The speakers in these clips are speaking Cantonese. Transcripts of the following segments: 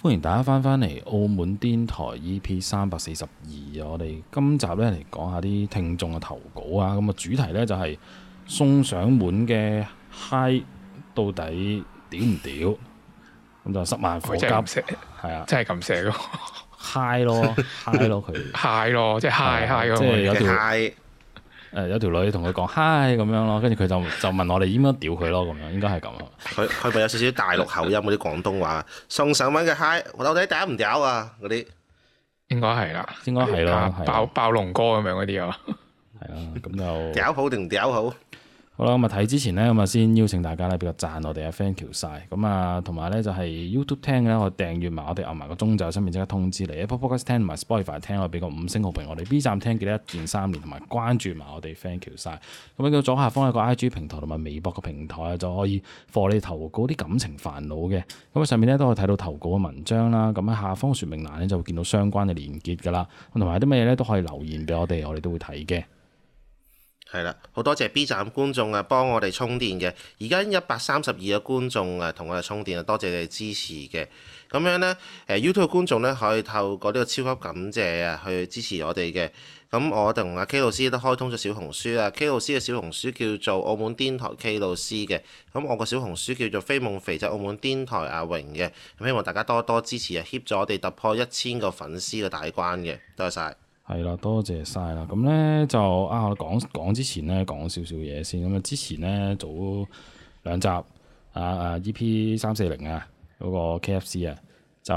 歡迎大家翻返嚟《澳門癲台 EP 三百四十二》，我哋今集咧嚟講下啲聽眾嘅投稿啊！咁、那、啊、個、主題咧就係、是、送上門嘅嗨到底屌唔屌？咁就十萬火急，係啊，真係咁寫咯嗨咯，嗨咯佢嗨咯，即係嗨嗨咯，即係有條。誒有條女同佢講嗨咁樣咯，跟住佢就就問我哋點樣屌佢咯咁樣，應該係咁啊！佢佢咪有少少大陸口音嗰啲廣東話，送上門嘅嗨，我啊，我到底屌唔屌啊嗰啲？應該係啦，應該係咯，啊，啦爆爆龍哥咁樣嗰啲啊，係啊，咁就屌好定唔屌好？好啦，咁啊睇之前呢，咁啊先邀請大家咧俾個贊我哋啊，thank you 晒，咁啊同埋咧就係、是、YouTube 聽咧，我訂閱埋我哋按埋個鐘就上面即刻通知你。Apple Podcast 同埋 Spotify 聽，我俾個五星好評。我哋 B 站聽，記得一鍵三連同埋關注埋我哋 thank you 晒。咁咧左下方有個 IG 平台同埋微博個平台就可以幫你投稿啲感情煩惱嘅。咁啊上面咧都可以睇到投稿嘅文章啦。咁喺下方説明欄咧就會見到相關嘅連結噶啦。咁同埋啲咩嘢咧都可以留言俾我哋，我哋都會睇嘅。係啦，好多謝 B 站觀眾啊幫我哋充電嘅，而家一百三十二個觀眾啊同我哋充電啊，多謝你哋支持嘅。咁樣咧，誒 YouTube 觀眾咧可以透過呢個超級感謝啊去支持我哋嘅。咁我同阿 K 老師都開通咗小紅書啊，K 老師嘅小紅書叫做澳門癲台 K 老師嘅。咁我個小紅書叫做飛夢肥仔，就是、澳門癲台阿榮嘅。希望大家多多支持啊，協助我哋突破一千個粉絲嘅大關嘅。多謝曬。係啦，多謝晒啦。咁咧就啊，講講之前咧講少少嘢先。咁啊，之前咧早兩集啊啊 E.P. 三四零啊，嗰、啊啊那個 K.F.C. 啊，就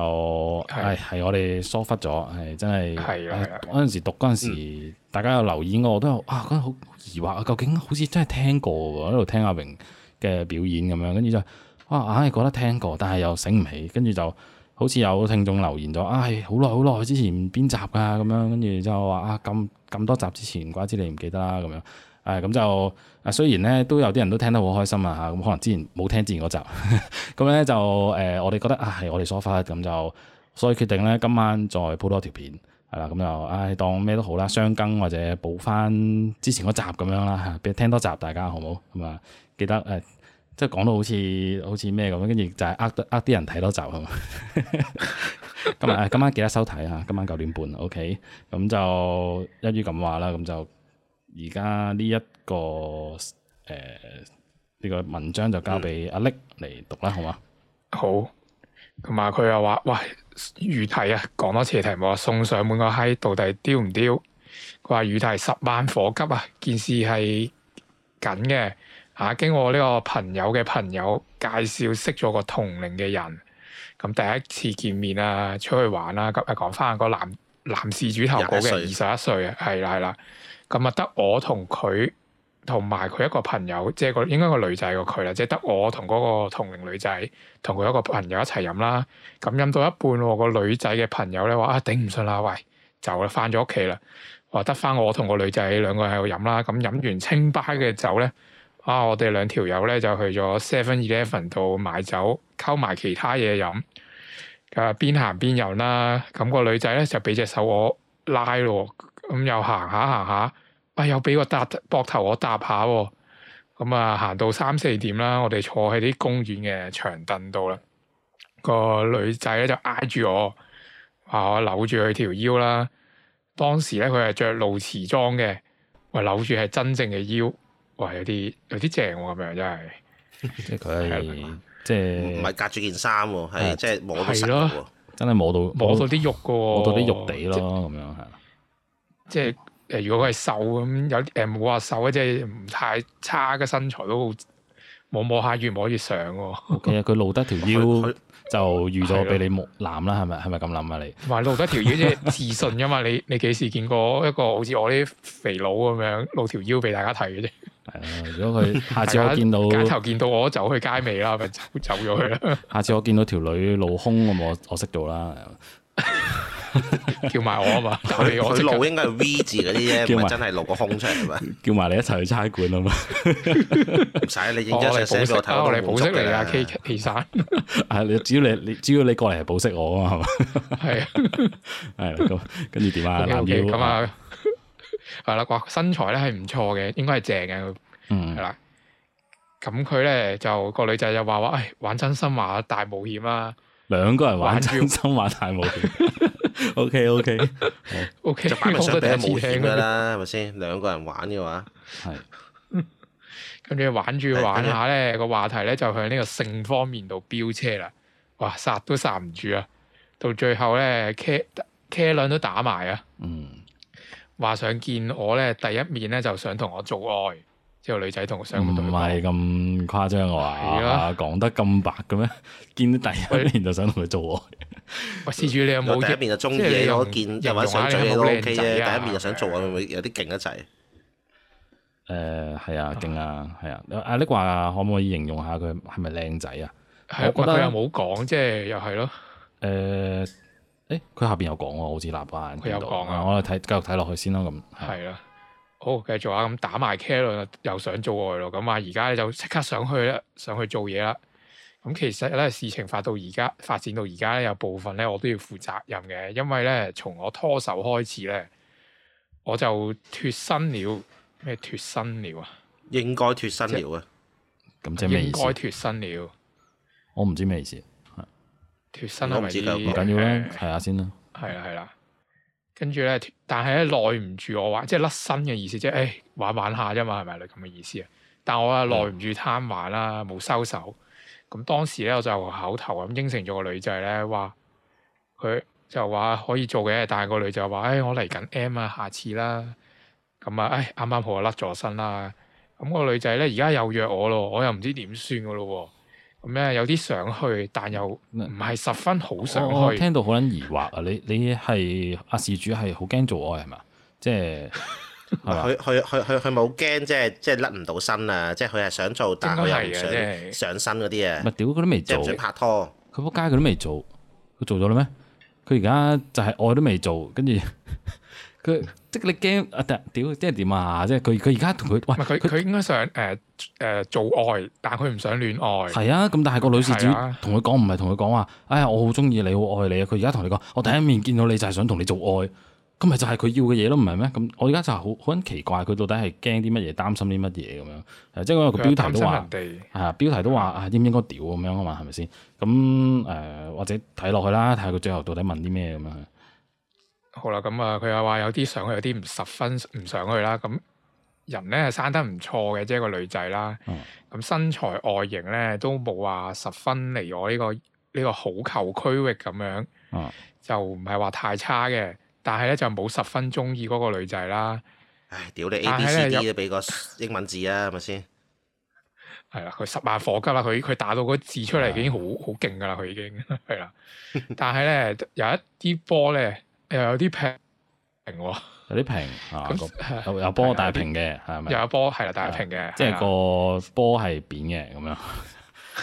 係係的、哎、我哋疏忽咗，係真係。係啊的！嗰陣、哎、時讀嗰時，嗯、大家有留言我都有啊，覺、那、得、個、好疑惑啊，究竟好似真係聽過喺度聽阿榮嘅表演咁樣，跟住就啊，硬係覺得聽過，但係又醒唔起，跟住就。好似有聽眾留言咗，唉、哎，好耐好耐之前邊集噶咁樣，跟住就話啊，咁咁多集之前，怪之你唔記得啦咁樣。誒，咁就啊，雖然咧都有啲人都聽得好開心啊嚇，咁可能之前冇聽之前嗰集，咁咧就誒、呃，我哋覺得啊，係我哋所發，咁就所以決定咧，今晚再鋪多條片係啦，咁就唉、啊，當咩都好啦，雙更或者補翻之前嗰集咁樣啦嚇，俾聽多集大家好唔好？咁呀，記得誒。呃即係講到好似好似咩咁，跟住就係呃呃啲人睇多，多集係嘛？ 今日、哎、今晚記得收睇吓，今晚九點半。OK，咁就一於咁話啦。咁就而家呢一個誒呢、呃呢個文章就交俾阿力嚟讀啦，好嘛？好，同埋佢又話：喂，如題啊，講多次嘅題目，送上門個閪到底丟唔丟？佢話如題十萬火急啊，件事係緊嘅。啊！經我呢個朋友嘅朋友介紹識咗個同齡嘅人，咁第一次見面啊，出去玩啦。今日講翻個男男事主頭稿嘅二十一歲啊，係啦係啦。咁啊，得我同佢同埋佢一個朋友，即係個應該個女仔個佢啦，即係得我同嗰個同齡女仔同佢一個朋友一齊飲啦。咁飲到一半，個女仔嘅朋友咧話啊，頂唔順啦，喂，走就翻咗屋企啦。話得翻我同個女仔兩個人喺度飲啦。咁飲完清吧嘅酒咧，啊！我哋兩條友咧就去咗 Seven Eleven 度買酒，溝埋其他嘢飲。啊，邊行邊飲啦！咁個女仔咧就俾隻手我拉咯，咁又行下行下，啊又俾個搭膊頭我搭下。咁啊，行、嗯、到三四點啦，我哋坐喺啲公園嘅長凳度啦。個女仔咧就挨住我，話我扭住佢條腰啦。當時咧佢係着露臍裝嘅，話扭住係真正嘅腰。哇！有啲有啲正喎，咁樣真係，即係佢係即係唔係隔住件衫喎，即係對摸到實嘅喎，真係摸到摸到啲肉嘅喎、哦，摸到啲肉地咯，咁、就是、樣係。即係誒，如果佢係瘦咁，有啲誒冇話瘦啊，即係唔太差嘅身材都。摸下摸下越摸越上喎。其實佢露得條腰 就預咗俾你木攬啦，係咪係咪咁諗啊你？唔係露得條腰即係自信㗎嘛！ 你你幾時見過一個好似我啲肥佬咁樣露條腰俾大家睇嘅啫？係啊，如果佢下次我見到 街頭見到我走去街尾啦，咪、就是、走走咗去啦 下次我見到條女露胸咁，我我識做啦。 叫埋我啊嘛！佢佢露應該係 V 字嗰啲啫，唔真係露個空出嚟嘛。叫埋你一齊去差館啊嘛！唔使你，我嚟保釋頭，嚟保釋你啊 K K 衫。啊，你只要你你只要你過嚟係保釋我啊嘛，係嘛？係啊係啊，咁，跟住點啊？O K 咁啊係啦，個身材咧係唔錯嘅，應該係正嘅。係啦。咁佢咧就個女仔就話話誒玩真心話大冒險啊，兩個人玩真心話大冒險。O K O K O K，就擺埋上底係冇聽噶啦，係咪先？兩個人玩嘅話，係。 跟住玩住玩下咧，個話題咧就向呢個性方面度飆車啦！哇，剎都剎唔住啊！到最後咧，茄茄輪都打埋啊！嗯，話想見我咧第一面咧，就想同我做愛。之後女仔同我相，唔係咁誇張話，講得咁白嘅咩？見第一面就想同佢做愛？喂，施主你有冇第一面就中意？我見又或者想追你都 OK 嘅，第一面就想做愛，會唔會有啲勁得滯？誒，係啊，勁啊，係啊。阿 Nick 話可唔可以形容下佢係咪靚仔啊？我覺得佢又冇講，即係又係咯。誒，誒，佢下邊有講喎，好似立慣。佢有講啊，我哋睇繼續睇落去先咯，咁係啦。好，繼續啊！咁打埋 c a 又想做愛，咁啊而家咧就即刻上去啦，上去做嘢啦。咁其實咧事情發到而家，發展到而家咧有部分咧我都要負責任嘅，因為咧從我拖手開始咧，我就脱身了咩？脱身了啊？應該脱身了啊？咁即係應該脱身了。身了我唔知咩意思。脱身係咪呢？唔緊要啦，睇下先啦。係啦，係啦。跟住咧，但係咧耐唔住我玩，即係甩身嘅意思，即係誒、哎、玩玩下啫嘛，係咪你咁嘅意思啊？但係我啊、嗯、耐唔住貪玩啦，冇收手。咁當時咧我就口頭咁應承咗個女仔咧，話佢就話可以做嘅，但係個女仔話誒我嚟緊 M 啊，下次啦。咁啊誒啱啱好啊甩咗身啦。咁、個女仔咧而家又約我咯，我又唔知點算噶咯喎。咩？有啲想去，但又唔係十分好想去。哦，我聽到好撚疑惑啊！你你係阿事主係好驚做愛係嘛？即係佢佢佢佢佢冇驚，即係即係甩唔到身啊！即係佢係想做，但係又唔想上身嗰啲啊！咪屌，佢都未做拍拖。佢仆街，佢都未做。佢做咗啦咩？佢而家就係愛都未做，跟住佢。 即你驚啊！屌即係點啊？即係佢佢而家同佢喂佢佢它它應該想誒誒、呃呃、做愛，但係佢唔想戀愛。係啊，咁但係個女事主同佢講唔係同佢講話。哎呀、啊，我好中意你，好愛你啊！佢而家同你講，我第一面見到你就係想同你做愛，咁咪就係佢要嘅嘢咯，唔係咩？咁我而家就好好奇怪，佢到底係驚啲乜嘢，擔心啲乜嘢咁樣？即係因為個標題都話人哋係啊，標題都話啊，應唔應，應該屌咁樣啊？嘛係咪先？咁誒、呃呃，或者睇落去啦，睇下佢最後到底問啲咩咁樣。好啦，咁、嗯、啊，佢又話有啲上去，有啲唔十分唔上去啦。咁、嗯、人咧生得唔錯嘅，即係個女仔啦。咁、嗯、身材外形咧都冇話十分離我呢、這個呢、這個好球區域咁樣。嗯、就唔係話太差嘅，但係咧就冇十分中意嗰個女仔啦。唉、哎，屌你 A B C D 都俾入個英文字啊，係咪先？係啦，佢十萬火急啦，佢佢打到個字出嚟已經好好勁噶啦，佢已經係啦。 但係咧有一啲波咧。又有啲平，平喎，有啲平，啊個有波大平嘅，係咪？又有波係啦，大平嘅，即係個波係扁嘅咁樣，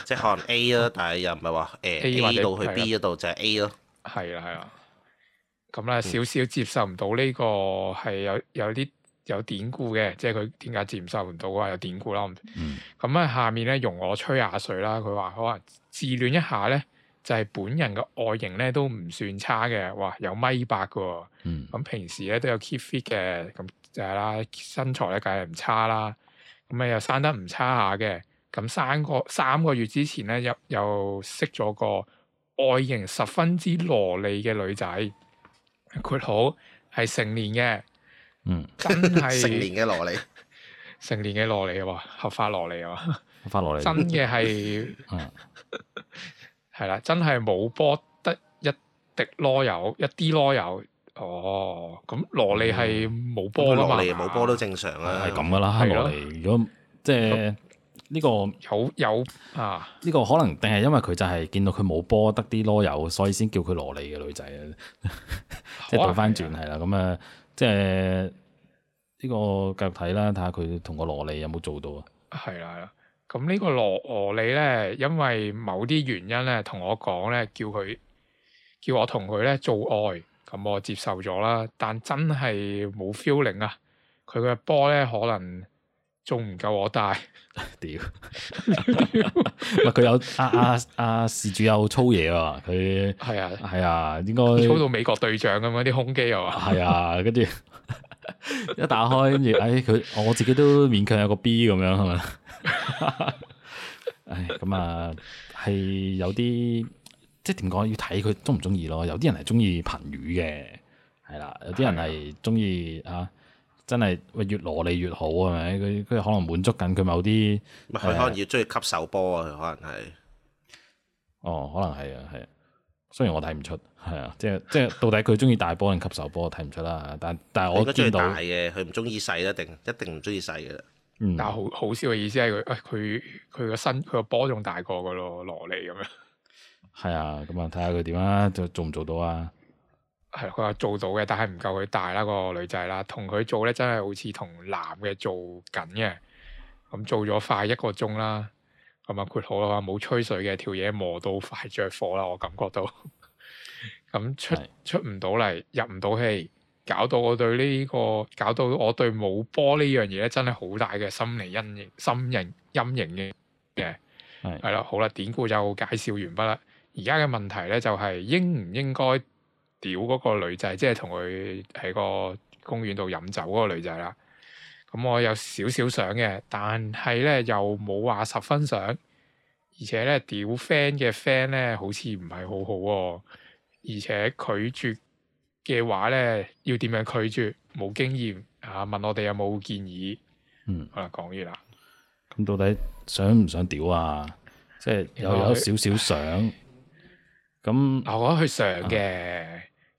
即係可能 A 咯，但係又唔係話誒 A 度去 B 嗰度就係 A 咯。係啊係啊，咁咧少少接受唔到呢個係有有啲有典故嘅，即係佢點解接受唔到嘅話有典故啦。嗯。咁啊，下面咧容我吹下水啦，佢話可能自戀一下咧。就係本人嘅外形咧都唔算差嘅，哇有米八嘅、哦，咁、嗯、平時咧都有 keep fit 嘅，咁就係啦，身材咧梗係唔差啦，咁啊又生得唔差下嘅，咁三個三個月之前咧又又識咗個外形十分之羅莉嘅女仔，括號、嗯，係 成年嘅，嗯，真係成年嘅羅莉，成年嘅羅莉喎，合法羅莉啊、哦，合法羅莉，真嘅係。 啊係啦，真係冇波得一滴囉柚，一啲囉柚。哦，咁蘿莉係冇波噶嘛？蘿莉冇波都正常啦、啊，係咁噶啦。蘿的莉如果即係呢有、這個有有啊？呢個可能定係因為佢就係見到佢冇波得啲囉柚，所以先叫佢蘿莉嘅女仔啊 的。即係倒翻轉係啦，咁、這、啊、個，即係呢個繼續睇啦，睇下佢同個蘿莉有冇做到啊？係啦，係啦。咁呢個羅俄利咧，因為某啲原因咧，同我講咧，叫佢叫我同佢咧做愛，咁我接受咗啦。但真係冇 feeling 啊！佢嘅波咧可能仲唔夠我大，屌，啊！佢有阿阿阿事主有粗嘢啊！佢係啊係啊，應該操到美國隊長咁樣啲胸肌啊！係 啊，跟住一打開跟住，唉，哎，佢我自己都勉強有個 B 咁樣係咪？唉，咁、 哎、啊，係有啲即係點講，要睇佢中唔中意咯。有啲人係中意貧乳嘅，係啦。有啲人係中意啊，真係喂越蘿莉越好，係咪？佢佢可能滿足緊佢某啲，佢可能要中意吸手波啊，佢可能係。哦，可能係啊，係。雖然我睇唔出，係啊，即係即係到底佢中意大波定吸手波睇唔出啦。但但係我應該中意大嘅，佢唔中意細一定一定唔中意細嘅。嗯、但係好好笑嘅意思係佢，佢佢個身佢個波仲大過個蘿莉咁樣。係啊，咁啊睇下佢點啊？做做唔做到啊？係佢話做到嘅，但係唔夠佢大啦、個女仔啦，同佢做咧真係好似同男嘅做緊嘅。咁做咗快一個鐘啦，咁啊括號啊，話冇吹水嘅條嘢磨到快着火啦，我感覺到。咁 出是出唔到嚟，入唔到氣。搞到我對呢、這個，搞到我對冇波呢樣嘢咧，真係好大嘅心理陰影、心影陰影嘅嘅，係啦，好啦，典故就介紹完畢啦。而家嘅問題咧就係、是、應唔應該屌嗰個女仔，即係同佢喺個公園度飲酒嗰個女仔啦。咁、嗯、我有少少想嘅，但係咧又冇話十分想，而且咧屌 friend 嘅 friend 咧好似唔係好好、哦、喎，而且拒絕。嘅話咧，要點樣拒絕？冇經驗啊，問我哋有冇建議？嗯，好啦，講完啦。咁、嗯、到底想唔想屌啊？即係有有少少想。咁那我覺得佢想嘅。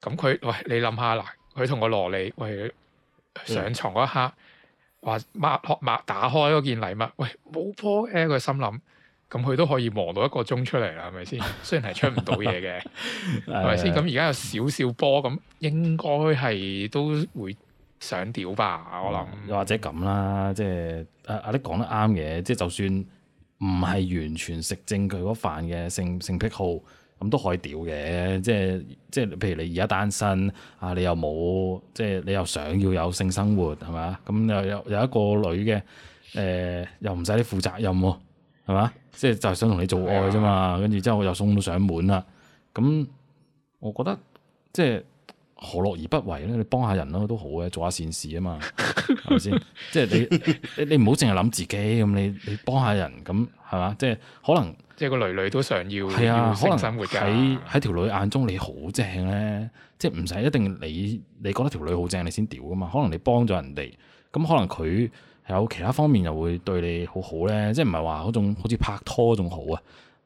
咁佢、啊、喂，你諗下啦。佢同個蘿莉喂上床嗰一刻，話擘擘打開嗰件禮物，喂冇波嘅、啊，佢心諗。咁佢都可以磨到一個鐘出嚟啦，係咪先？雖然係出唔到嘢嘅，係咪先？咁而家有少少波，咁應該係都會想屌吧？可能又或者咁啦，即係阿阿啲講得啱嘅，即、就、係、是、就算唔係完全食正佢嗰飯嘅性性癖好，咁、嗯、都可以屌嘅。即係即係，譬如你而家單身啊，你又冇即係你又想要有性生活係咪啊？咁又有有一個女嘅，誒、欸、又唔使你負責任喎、哦。係嘛，即係就係想同你做愛啫嘛，跟住之後我又送到上門啦。咁我覺得即係何樂而不為咧？你幫下人咯，都好嘅，做下善事啊嘛，係咪先？即係你你唔好淨係諗自己咁，你你幫下人咁，係嘛？即係可能即係個女女都想要，係啊，可能生活喺喺條女眼中你好正咧，即係唔使一定你你覺得條女好正你先屌噶嘛，可能你幫咗人哋，咁可能佢。有其他方面又會對你好好咧，即係唔係話嗰種好似拍拖仲好啊？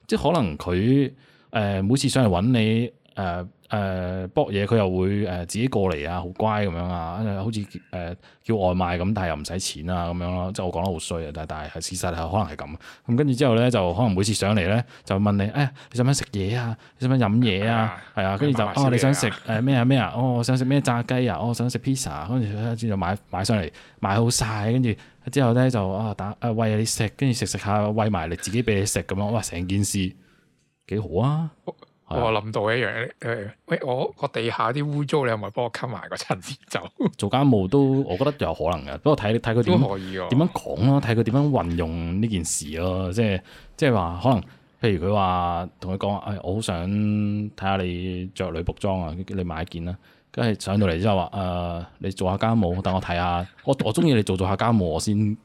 即係可能佢誒每次上嚟揾你誒誒搏嘢，佢、呃呃、又會誒自己過嚟啊，好乖咁樣啊，好似誒叫外賣咁，但係又唔使錢啊咁樣咯。即係我講得好衰啊，但係事實係可能係咁。咁跟住之後咧，就可能每次上嚟咧就問你，誒、哎、你想唔想食嘢啊？你想唔想飲嘢啊？係啊，跟住就媽媽哦你想食誒咩啊咩啊？哦想食咩炸雞啊？哦想食 pizza，跟住就買買，買，買上嚟買好晒。跟住。之後咧就啊打啊餵你食，跟住食食下餵埋你自己俾你食咁樣，哇！成件事幾好啊！哇！諗到一樣嘢，誒喂，我我地下啲污糟，你係咪幫我吸埋個塵走？ 做家務都我覺得有可能嘅，不過睇睇佢點可以嘅。點樣講咯？睇佢點樣運用呢件事咯，即係即係話可能，譬如佢話同佢講，誒、哎、我好想睇下你着女僕裝啊，你買件啦。跟住上到嚟之後話，誒、呃，你做下家務，等我睇下。我我中意你做做下家務，我先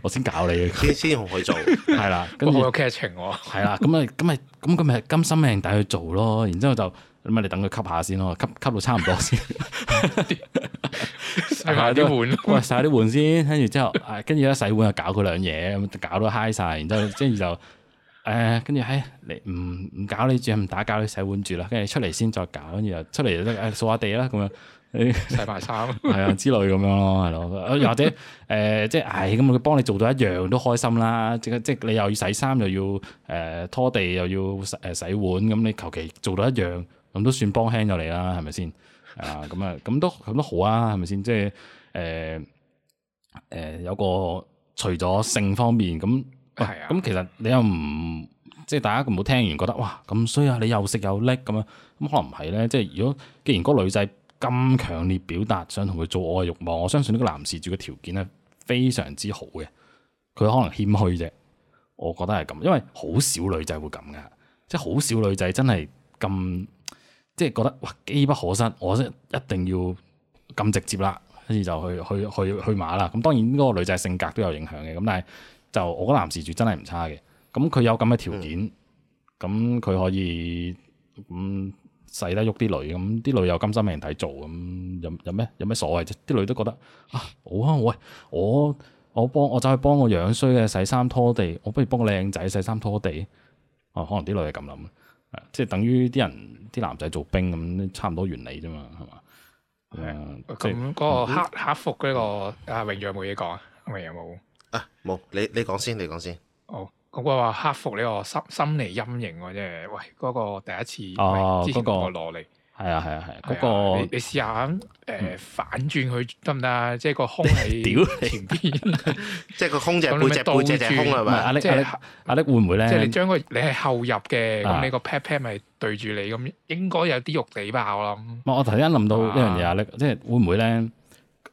我先搞你。先先同佢做，係啦。我 有劇情喎、哦。係啦，咁咪咁咪咁咪，今日甘心命抵去做咯。然之後就咁咪你等佢吸下先咯，吸吸到差唔多先。洗下啲碗，喂，洗下啲碗先。跟住之後，啊，跟住咧洗碗又搞佢兩嘢，咁搞到嗨晒。然之後，跟住就。誒，跟住喺你唔唔搞你住，唔打攪你洗碗住啦。跟住出嚟先再搞，跟住又出嚟又得誒掃下地啦，咁樣你、哎、洗下衫， 係啊之類咁樣咯，係咯。或者誒、呃，即係，唉、哎，咁佢幫你做到一樣都開心啦。即係即係你又要洗衫，又要誒、呃、拖地，又要洗誒洗碗。咁你求其做到一樣，咁都算幫輕咗你啦，係咪先？啊，咁啊，咁都咁都好啊，係咪先？即係誒誒，有、呃、個、呃呃、除咗性方面咁。咁、嗯嗯、其實你又唔即係大家唔好聽完，覺得哇咁衰啊！你又識又叻咁樣，咁可能唔係咧。即係如果既然嗰個女仔咁強烈表達想同佢做愛嘅欲望，我相信呢個男士住嘅條件咧非常之好嘅。佢可能謙虛啫，我覺得係咁，因為好少女仔會咁噶，即係好少女仔真係咁即係覺得哇機不可失，我一定要咁直接啦，跟住就去去去去，去馬啦。咁、嗯、當然呢個女仔性格都有影響嘅，咁但係。就我覺男士住真係唔差嘅，咁佢有咁嘅條件，咁佢、嗯、可以咁使、嗯、得喐啲女，咁、嗯、啲女有甘心畀人睇做，咁、嗯、有有咩有咩所謂啫？啲女都覺得啊，我啊喂，我我，我幫我走去幫個樣衰嘅洗衫拖地，我不如幫個靚仔洗衫拖地，哦、啊，可能啲女係咁諗，即係等於啲人啲男仔做兵咁，差唔多原理啫嘛，係嘛？係啊、這個，咁嗰個客客服嗰個阿榮有冇嘢講啊，榮有冇？啊啊啊啊啊啊，冇，你你講先，你講先。好，咁我話克服呢個心心理陰影，即係喂嗰個第一次，之前同我羅莉。係啊係啊係，嗰個你試下誒反轉佢得唔得啊？即係個胸係屌前邊，即係個胸就背脊背脊就胸係咪？阿力阿力阿力會唔會咧？即係你將個你係後入嘅，咁你個 pat pat 咪對住你咁，應該有啲肉地吧，我諗。我突然間諗到一樣嘢，阿力，即係會唔會咧？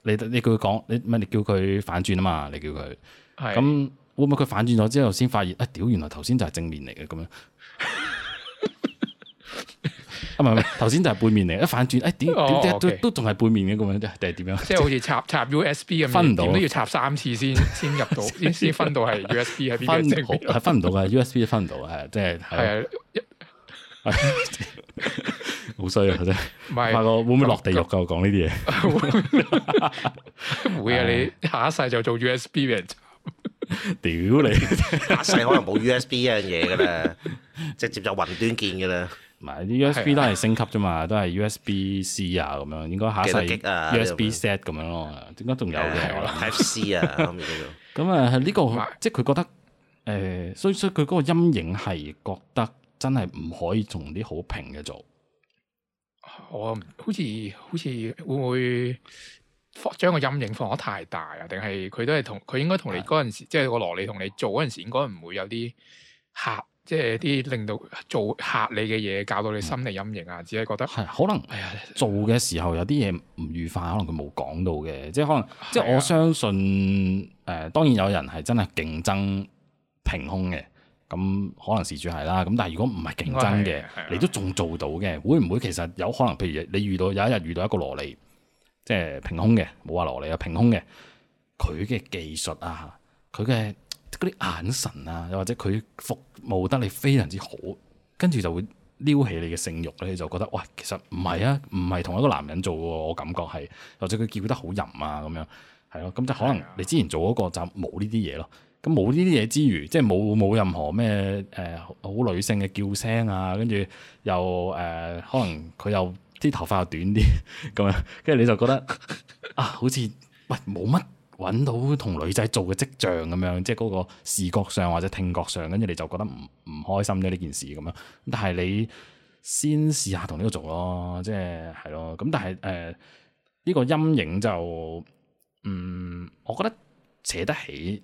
你你叫佢講，你咪你叫佢反轉啊嘛！你叫佢，咁係會唔會佢反轉咗之後先發現啊？屌、哎，原來頭先就係正面嚟嘅咁樣。唔係唔係，頭先就係背面嚟，一反轉，哎點點都仲係背面嘅咁樣啫，定係點樣？樣哦 okay、即係好似插插 USB 咁，分唔到，點都要插三次先 先入到，先先分到係 USB 喺邊嘅正面，係分唔到嘅 USB 分唔到，係即係。 好衰啊的！真係是，唔係，會唔會落地獄？夠講呢啲嘢？ 會啊！ 你下一世就做 U S B 俾屌你，下一世可能冇 U S B 一樣嘢噶啦，直接就雲端見噶啦。唔係啲 U S B 都係升級啫嘛，都係 U S B C 啊咁樣，應該下一世 U S B set 咁樣咯。點解仲有嘅？Type C 啊，咁樣叫做。咁啊，呢個，即係佢覺得，誒、呃，所以所以佢嗰個陰影係覺得。真係唔可以同啲、嗯、好平嘅做，我好似好似會唔會放將個陰影放得太大啊？定係佢都係同佢應該同你嗰陣時，即係是的 個羅利同你做嗰陣時，應該唔會有啲吓，即係啲令到做吓你嘅嘢，搞到你心理陰影啊？只係覺得係可能做嘅時候有啲嘢唔愉快，可能佢冇講到嘅，即係可能是的 即係我相信誒、呃，當然有人係真係競爭平空嘅。咁可能事主係啦，咁但係如果唔係競爭嘅，的你都仲做到嘅，會唔會其實有可能？譬如你遇到有一日遇到一個蘿莉，即係平胸嘅，冇話蘿莉啊，平胸嘅，佢嘅技術啊，佢嘅嗰啲眼神啊，又或者佢服務得你非常之好，跟住就會撩起你嘅性慾咧，你就覺得哇，其實唔係啊，唔係同一個男人做喎，我感覺係，或者佢叫得好淫啊咁樣，係咯，咁就可能你之前做嗰個就冇呢啲嘢咯。咁冇呢啲嘢之餘，即係冇冇任何咩誒好女性嘅叫聲啊，跟住又誒、呃、可能佢又啲頭髮又短啲咁樣，跟 住你就覺得啊，好似喂冇乜揾到同女仔做嘅跡象咁樣，即係嗰個視覺上或者聽覺上，跟住你就覺得唔唔開心咧呢件事咁樣。但係你先試下同呢個做咯，即係係咯。咁但係誒呢個陰影就嗯，我覺得扯得起。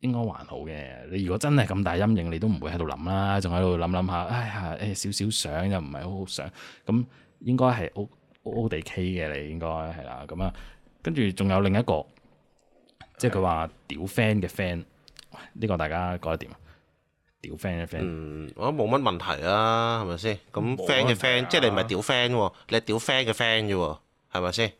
應該還好嘅，你如果真係咁大陰影，你都唔會喺度諗啦，仲喺度諗諗下，哎呀，誒少少想，又唔係好好想。咁應該係 O O 地 K 嘅，你應該係啦，咁啊，跟住仲有另一個，即係佢話屌 friend 嘅 friend，呢個大家覺得點？屌 friend 嘅 friend，我覺得冇乜、嗯、問題啊，係咪先？咁 friend 嘅 friend，即係你唔係屌 friend 喎，你係屌 friend 嘅 friend 啫喎，係咪先？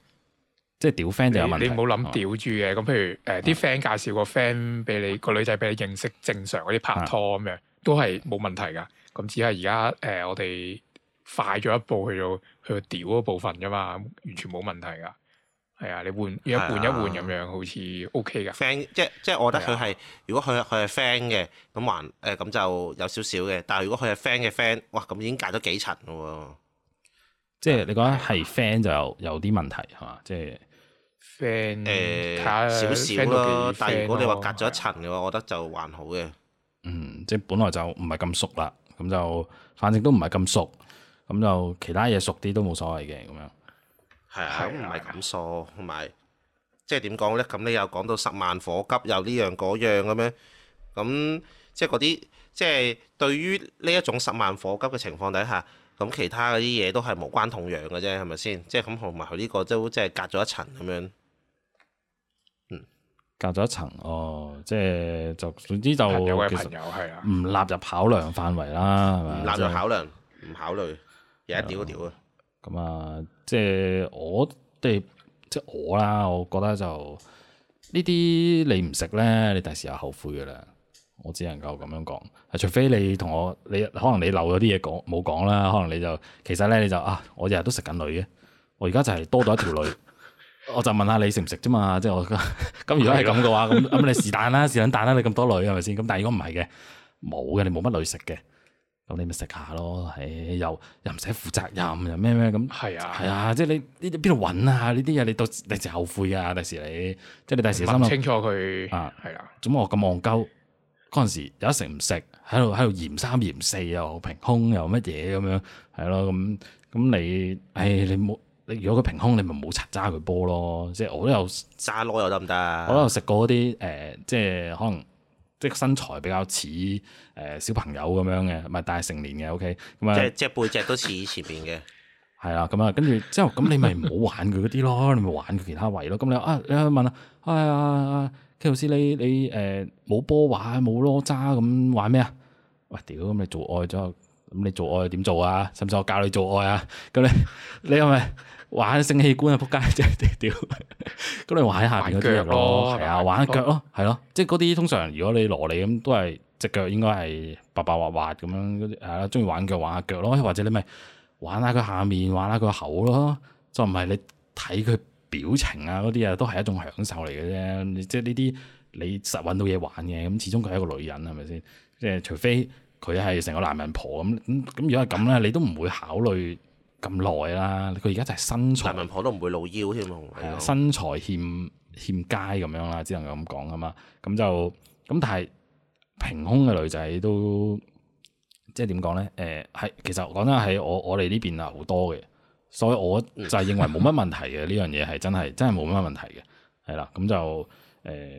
即係屌 friend 就有問題，你唔好諗屌住嘅。咁譬如誒啲 friend 介紹個 friend 俾你，個女仔俾你認識，正常嗰啲拍拖咁樣，都係冇問題噶。咁只係而家誒我哋快咗一步去到去屌嗰部分啫嘛，完全冇問題噶。係啊，你換如果換一換咁樣，好似 OK 噶。friend 即即係我覺得佢係如果佢佢係 friend 嘅，咁還誒咁就有少少嘅。但係如果佢係 friend 嘅 friend，哇咁已經隔咗幾層喎。即係你覺得係 friend 就有啲問題係嘛？即係。誒，Fan 欸、少少咯，挺 fan, 但係如果你話隔咗一層嘅話，的我覺得就還好嘅。嗯，即係本來就唔係咁熟啦，咁就反正都唔係咁熟，咁就其他嘢，熟啲都冇所謂嘅，咁樣，係啊，都唔係咁熟，同埋的即係點講咧？咁你又講到十萬火急，又呢樣嗰樣咁樣，咁即係嗰啲，即係對於呢一種十萬火急嘅情況底下，咁其他嗰啲嘢都係無關痛癢嘅啫，係咪先？即係咁同埋佢呢個都即係隔咗一層咁樣。隔咗一層哦，即係就總之就唔納入考量範圍啦，係咪、啊？唔納入考量，唔考慮，又一條條啊！咁啊、嗯，即係我哋即係我啦，我覺得就呢啲你唔食咧，你第時又後悔噶啦。我只能夠咁樣講，除非你同我，你可能你漏咗啲嘢講冇講啦，可能你就其實咧你就啊，我日日都食緊女嘅，我而家就係多咗一條女。 我就問下你食唔食啫嘛？即、就、係、是、我咁， 如果係咁嘅話，咁咁對了、嗯、你是但啦，是但但啦！你咁多女係咪先？咁但係如果唔係嘅，冇嘅，你冇乜女食嘅，咁你咪食下咯。誒，又又唔使負責任，又咩咩咁？係啊，係啊，嗯、即係你呢啲邊度揾啊？呢啲嘢你到第時後悔啊！第時你即係你第時心諗清楚佢啊，係啊，做乜我咁戇鳩？嗰陣時有食唔食？喺度喺度嫌三嫌四又平胸又乜嘢咁樣？係、嗯、咯，咁咁你誒你冇。嗯如果佢平胸，你咪冇拆揸佢波咯。即係我都有揸咯，又得唔得？我都有食過嗰啲，誒、呃，即係可能即係身材比較似誒、呃、小朋友咁樣嘅，唔係但係成年嘅。O、okay? K。即係即係背脊都似前邊嘅。係啦， 咁啊，跟住之後，咁你咪唔好玩佢嗰啲咯， 你咪玩佢其他位咯。咁你啊，你去問啊，哎阿 K 老師，你你誒冇波玩，冇攞揸咁玩咩啊？哇、哎、屌，咁你做愛咗？咁你做愛點做啊？使唔使我教你做愛啊？咁你你係咪玩性器官啊？仆街即係屌，咁 你玩下邊嗰啲咯，係啊，玩下腳咯，係、嗯啊、咯，啊、即係嗰啲通常如果你蘿莉咁，都係隻腳應該係白白滑滑咁樣嗰啲，係啦、啊，中意玩腳玩下腳咯，或者你咪玩下佢下面，玩下佢口咯，再唔係你睇佢表情啊嗰啲啊，都係一種享受嚟嘅啫。即係呢啲你實搵到嘢玩嘅，咁始終佢係一個女人係咪先？即係除非。佢係成個男人婆咁咁咁，如果係咁咧，你都唔會考慮咁耐啦。佢而家就係身材，男人婆都唔會露腰添喎。身材欠欠佳咁樣啦，只能咁講啊嘛。咁就咁，但係平胸嘅女仔都即係點講咧？誒、呃，係其實講真係我我哋呢邊啊好多嘅，所以我就係認為冇乜問題嘅呢樣嘢係真係真係冇乜問題嘅。係啦，咁就。誒，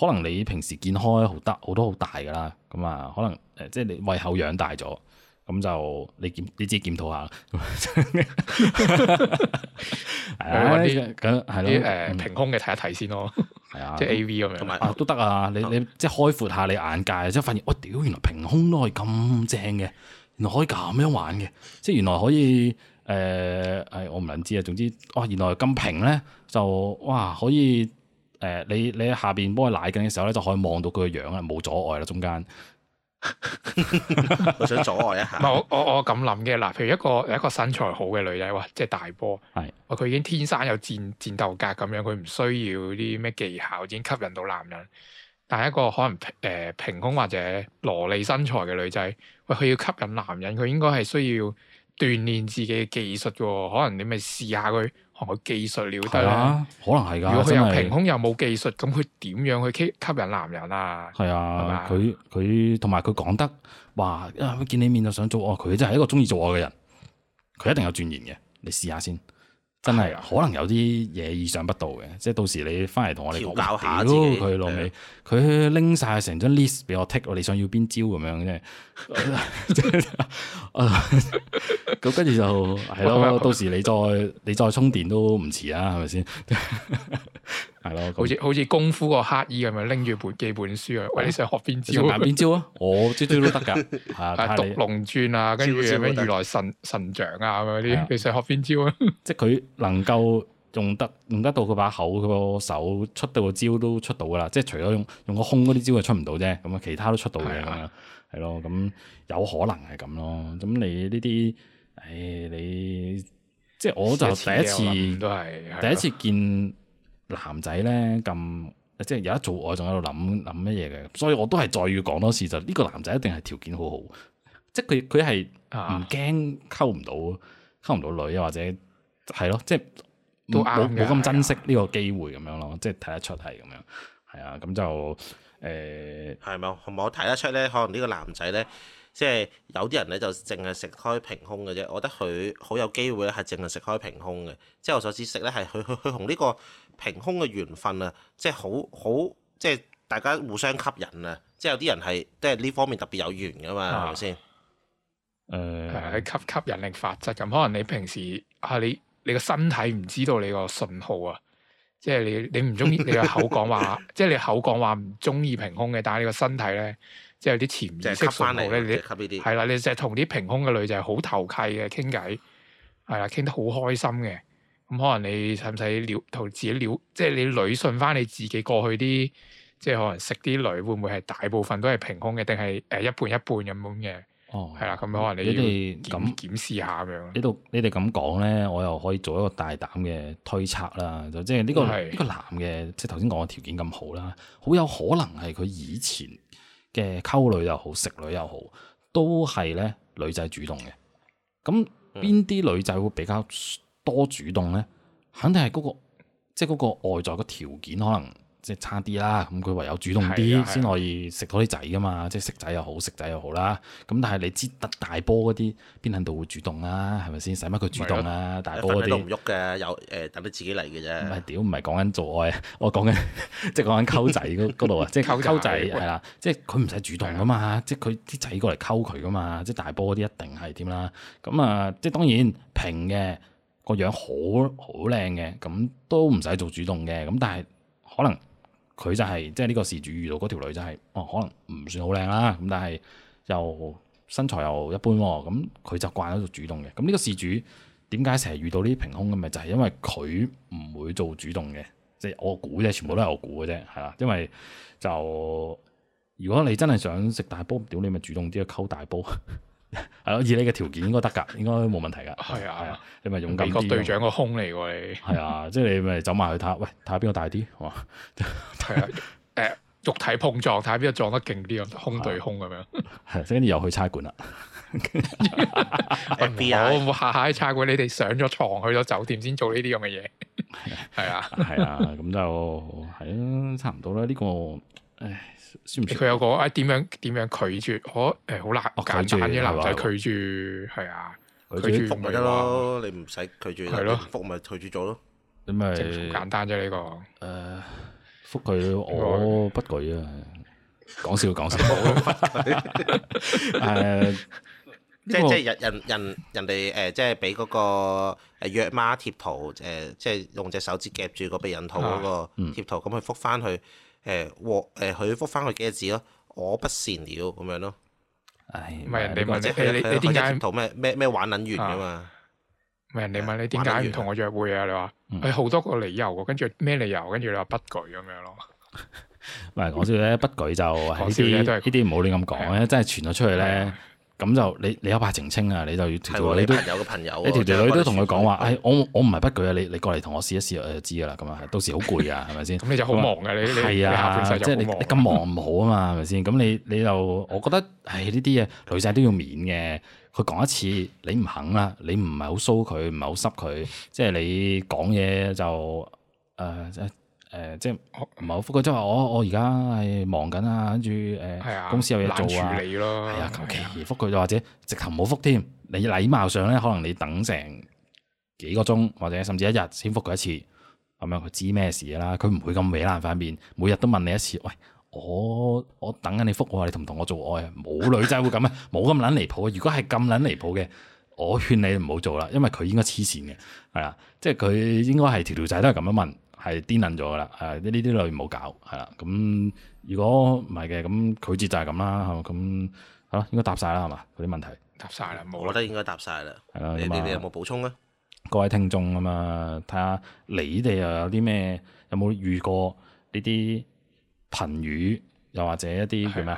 可能你平時見開好大，好多好大噶啦，咁啊，可能誒，即係你胃口養大咗，咁就你檢，你自己檢討下。嗰啲咁係咯，誒平胸嘅睇一睇先咯，係啊，即係 A V 咁樣，啊都得啊，你你即係開闊下你眼界，即係發現，哇，屌，原來平胸都可以咁正嘅，原來可以咁樣玩嘅，即係原來可以，誒，係我唔撚知啊，總之，哇，原來咁平咧，就哇可以。誒，你你喺下邊幫佢奶緊嘅時候咧，就可以望到佢個樣啦，冇阻礙啦，中間。 我，我想阻礙一下。唔係我我我咁諗嘅，嗱，譬如一個一個身材好嘅女仔，哇，即係大波，係是，佢已經天生有戰戰鬥格咁樣，佢唔需要啲咩技巧，已經吸引到男人。但係一個可能誒平胸、呃、或者蘿莉身材嘅女仔，喂，佢要吸引男人，佢應該係需要鍛煉自己嘅技術噶，可能你咪試下佢。佢技術了得啦，啊，可能係㗎。如果佢又平胸又冇技術，咁佢點樣去吸吸引男人啊？係啊，佢佢同埋佢講得話啊，見你面就想做愛，佢真係一個中意做愛嘅人，佢一定有鑽研嘅，你試下先。真係、啊、可能有啲嘢意想不到嘅，即係到時你翻嚟同我哋搏下招佢老尾，佢拎晒成張 list 俾我 take 我哋想要邊招咁樣啫。咁 跟住就係咯、 嗯，到時你再你再充電都唔遲啊，係咪先？ 係咯，好似好似功夫個乞衣咁樣拎住本幾本書啊！你想學邊招？用邊招啊？我招招都得噶，吓毒龍鑽啊，跟住咩如來神神掌啊嗰啲，你想學邊招啊？即係佢能夠用得用得到佢把口，個手出到個招都出到噶啦。即係除咗用用個胸嗰啲招係出唔到啫，咁啊其他都出到嘅。係咯，咁有可能係咁咯。咁你呢啲，唉，你即係我就第一次，第一次見。男仔咧咁，即係有得做我仲喺度諗諗乜嘢嘅，所以我都係再要講多次，就呢個男仔一定係條件好好，即係佢佢係唔驚溝唔到溝唔到女，啊、或者係咯，即係冇冇咁珍惜呢個機會咁、啊、樣咯，即係睇得出係咁樣，係啊，咁就誒係咪我睇得出咧？可能呢個男仔咧，即、就、係、是、有啲人咧就淨係食開平胸嘅啫，我覺得佢好有機會咧係淨係食開平胸嘅，即係我所次食咧係佢佢佢同呢個。平胸嘅緣分啊，即係好好，即係大家互相吸引啊！即係有啲人係即係呢方面特別有緣嘅嘛，係咪先？誒、嗯，係吸吸引力法則咁。可能你平時啊，你你個身體唔知道你個信號啊，即係你你唔中意你個口講話， 即係你口講話唔中意平胸嘅，但係你個身體咧，即係有啲潛意識信號咧，吸你係啦，你就係同啲平胸嘅女仔好投契嘅傾偈，係啊，傾得好開心嘅。咁可能你使唔使了同自己了，即係你捋順翻你自己過去啲，即係可能食啲女會唔會係大部分都係平胸嘅，定係誒一半一半咁樣嘅？哦，係啦，咁可能你你哋咁檢視下咁樣。呢度你哋咁講咧，我又可以做一個大膽嘅推測啦，就即係呢個呢是個男嘅，即係頭先講嘅條件咁好啦，好有可能係佢以前嘅溝女又好，食女又好，都係咧女仔主動嘅。咁邊啲女仔會比較。多主動咧，肯定係嗰個即係嗰個外在個條件可能即係差啲啦。咁佢唯有主動啲先可以食到啲仔噶嘛，即係食仔又好，食仔又好啦。咁但係你知得大波嗰啲邊喺度會主動啊？係咪先使乜佢主動啊？對大波嗰啲唔喐嘅，有誒等你自己嚟嘅啫。唔係屌，唔係講緊做愛，我講緊即係講緊溝仔嗰度啊，即係溝仔係啦，即係佢唔使主動噶嘛，即係佢啲仔過嚟溝佢噶嘛，即係大波嗰啲一定係點啦？咁啊，即係當然,當然平嘅。個樣好好靚嘅，咁都唔使做主動嘅，咁但係可能佢就係、是、即係呢個事主遇到嗰條女就係、是，哦可能唔算好靚啦，咁但係又身材又一般，咁佢習慣喺度主動嘅，咁呢個事主點解成日遇到呢啲平胸嘅咪就係、是、因為佢唔會做主動嘅，即、就、係、是、我估啫，全部都有估嘅啫，係啦，因為就如果你真係想食大波，屌你咪主動啲去溝大波。係咯， 以你嘅條件應該得噶，應該冇問題噶。係啊,啊，你咪勇敢啲。美國隊長個胸嚟喎你。係啊，即、就、係、是、你咪走埋去睇，下，喂，睇下邊個大啲，好嘛？係 啊，誒、呃，肉體碰撞，睇下邊個撞得勁啲，胸對胸咁樣。係、啊，跟住、啊、又去差館啦。我,我下下喺差館，你哋上咗床，去咗酒店先做呢啲咁嘅嘢。係 啊，係啊，咁就係啊，差唔多啦呢、呢個。唉，算唔算？佢有個唉，點樣點樣拒絕？可誒，好難我簡單啲男仔拒絕係啊，拒絕覆咪得咯？你唔使拒絕係咯，覆咪拒絕咗咯？咁咪簡單啫呢個？誒，覆佢我不舉啊！講笑講笑，誒，即係即係人人人人哋誒，即係俾嗰個誒約碼貼圖，誒，即係用隻手指夾住個避孕套嗰個貼圖，咁去覆翻去。誒我佢復翻佢幾個字咯，我不善了咁樣咯。唉、哎，唔係人哋問你，者你你點解？唔同咩咩咩玩撚完噶嘛？唔係人哋問你點解唔同我約會啊？你話，誒好完、哎、多個理由嘅，跟住咩理由？跟住你話不舉咁樣咯。唔係講笑咧，不舉就講笑咧，都係呢啲唔好亂咁講嘅，嗯、真係傳咗出去咧。嗯咁就你你有排澄清啊，你就要條條女都朋友嘅朋友，你條條女都同佢講話，誒我我唔係不舉啊，你你過嚟同我試一試我就知噶啦，咁啊，到時好攰啊，係咪先？咁你， 你，你就好忙㗎，你係啊，即係你你咁忙唔好啊嘛，係咪先？咁你你就我覺得，誒呢啲嘢女仔都要面嘅，佢講一次你唔肯啦，你唔係好騷佢，唔係好濕佢，即係你講嘢就誒。誒即係唔係好復佢？即係、話、我我而家係忙緊啊，跟住誒公司有嘢做啊，係啊、哎，求其而復佢，又或者直頭唔好復添。的你禮貌上咧，可能你等成幾個鐘，或者甚至一日先復佢一次，咁樣佢知咩事啦。佢唔會咁歪爛塊面，每日都問你一次。喂，我我等緊你復我，你同唔同我做愛？我冇女仔會咁啊，冇咁撚離譜。如果係咁撚離譜嘅，我勸你唔好做啦，因為佢應該黐線嘅，係啦，即係佢應該係條條仔都係咁樣問。係癲癆咗噶啦，誒呢啲類冇搞係啦。咁如果唔係嘅，咁拒絕就係咁啦。係嘛咁好啦，應該答晒啦，係嘛嗰啲問題答晒啦。我覺得應該答晒啦。係啦，你哋有冇補充啊？各位聽眾啊嘛，睇下你哋又有啲咩有冇遇過呢啲頻雨又或者一啲叫咩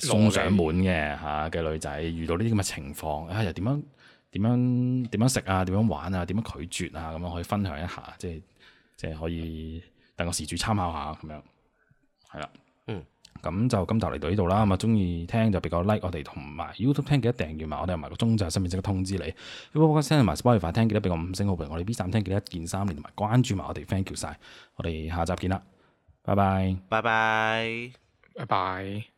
誒送上門嘅嗨嘅女仔裏遇到呢啲咁嘅情況，唉、哎、又點樣點樣點樣食啊？點樣玩啊？點樣拒絕啊？咁樣可以分享一下，即係。即係可以等個事主參考下咁樣，係啦，嗯，咁就今集嚟到呢度啦。咁啊，中意聽就比較 like 我哋同埋 YouTube 聽記得訂閱埋，我哋同埋個鐘就係上面即刻通知你。如果播聲同埋 Spotify 聽記得俾個五星好評，我哋 B 站聽記得一鍵三連，同埋關注埋我哋 Thank you 晒！我哋下集見啦，拜拜，拜拜，拜拜。